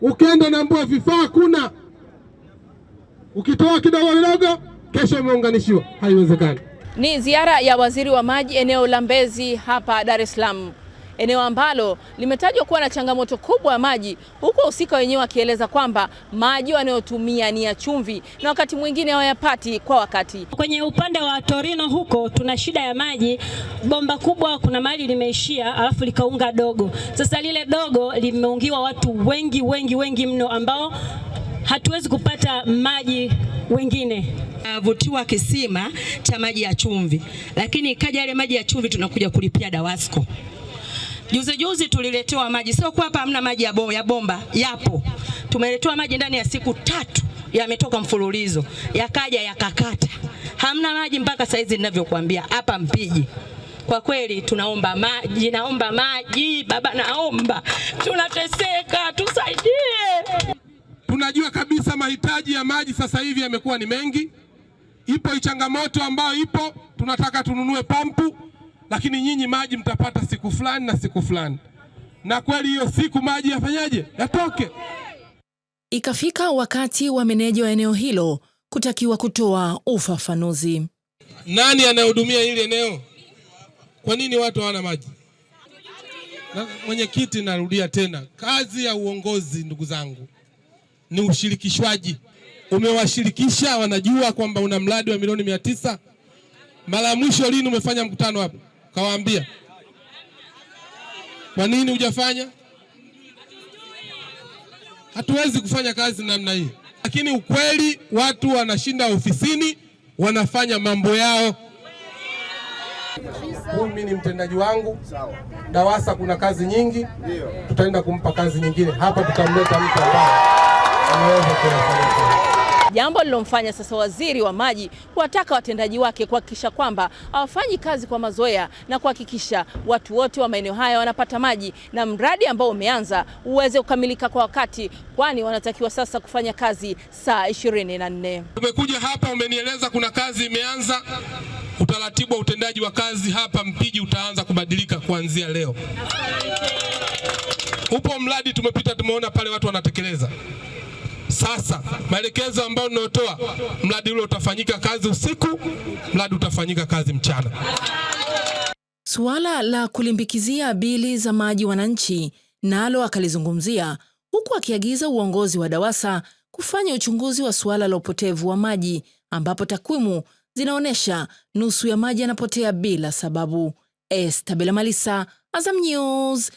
Ukienda mbwa vifaa hakuna, ukitoa kidogo kidogo, kesho umeunganishiwa. Haiwezekani. Ni ziara ya waziri wa maji eneo la Mbezi hapa Dar es Salaam eneo ambalo limetajwa kuwa na changamoto kubwa ya maji, huku wahusika wenyewe wakieleza kwamba maji wanayotumia ni ya chumvi na wakati mwingine hawayapati kwa wakati. Kwenye upande wa Torino huko tuna shida ya maji, bomba kubwa kuna mahali limeishia, alafu likaunga dogo. Sasa lile dogo limeungiwa watu wengi wengi wengi mno ambao hatuwezi kupata maji wengine avutiwa kisima cha maji ya chumvi, lakini ikaja yale maji ya chumvi tunakuja kulipia DAWASCO. Juzi juzi tuliletewa maji, sio kwa hapa hamna maji ya, bo, ya bomba yapo. Tumeletewa maji ndani ya siku tatu yametoka mfululizo, yakaja yakakata, hamna maji mpaka saizi ninavyokuambia hapa Mpiji. Kwa kweli tunaomba maji, naomba maji baba, naomba, tunateseka, tusaidie. Tunajua kabisa mahitaji ya maji sasa hivi yamekuwa ni mengi. Ipo changamoto ambayo ipo, tunataka tununue pampu lakini nyinyi maji mtapata siku fulani na siku fulani, na kweli hiyo siku maji yafanyaje? Yatoke. Ikafika wakati wa meneja wa eneo hilo kutakiwa kutoa ufafanuzi. Nani anayehudumia hili eneo? Kwa nini watu hawana maji? Na mwenyekiti, narudia tena, kazi ya uongozi ndugu zangu ni ushirikishwaji. Umewashirikisha, wanajua kwamba una mradi wa milioni mia tisa. Mara ya mwisho lini umefanya mkutano hapa? Kawaambia kwa nini hujafanya? Hatuwezi kufanya kazi namna hii, lakini ukweli watu wanashinda ofisini wanafanya mambo yao. mimi ni mtendaji wangu DAWASA, kuna kazi nyingi, tutaenda kumpa kazi nyingine hapa, tutamleta mtu ambaye anaweza kufanya jambo lilomfanya sasa waziri wa maji kuwataka watendaji wake kuhakikisha kwamba hawafanyi kazi kwa mazoea na kuhakikisha watu wote wa maeneo haya wanapata maji na mradi ambao umeanza uweze kukamilika kwa wakati, kwani wanatakiwa sasa kufanya kazi saa ishirini na nne. Umekuja hapa umenieleza kuna kazi imeanza, utaratibu wa utendaji wa kazi hapa Mpiji utaanza kubadilika kuanzia leo. Upo mradi tumepita, tumeona pale watu wanatekeleza sasa maelekezo ambayo ninayotoa, mradi ule utafanyika kazi usiku, mradi utafanyika kazi mchana. Suala la kulimbikizia bili za maji wananchi nalo akalizungumzia, huku akiagiza uongozi wa DAWASA kufanya uchunguzi wa suala la upotevu wa maji ambapo takwimu zinaonyesha nusu ya maji yanapotea bila sababu. Estabela Malisa, Azam News.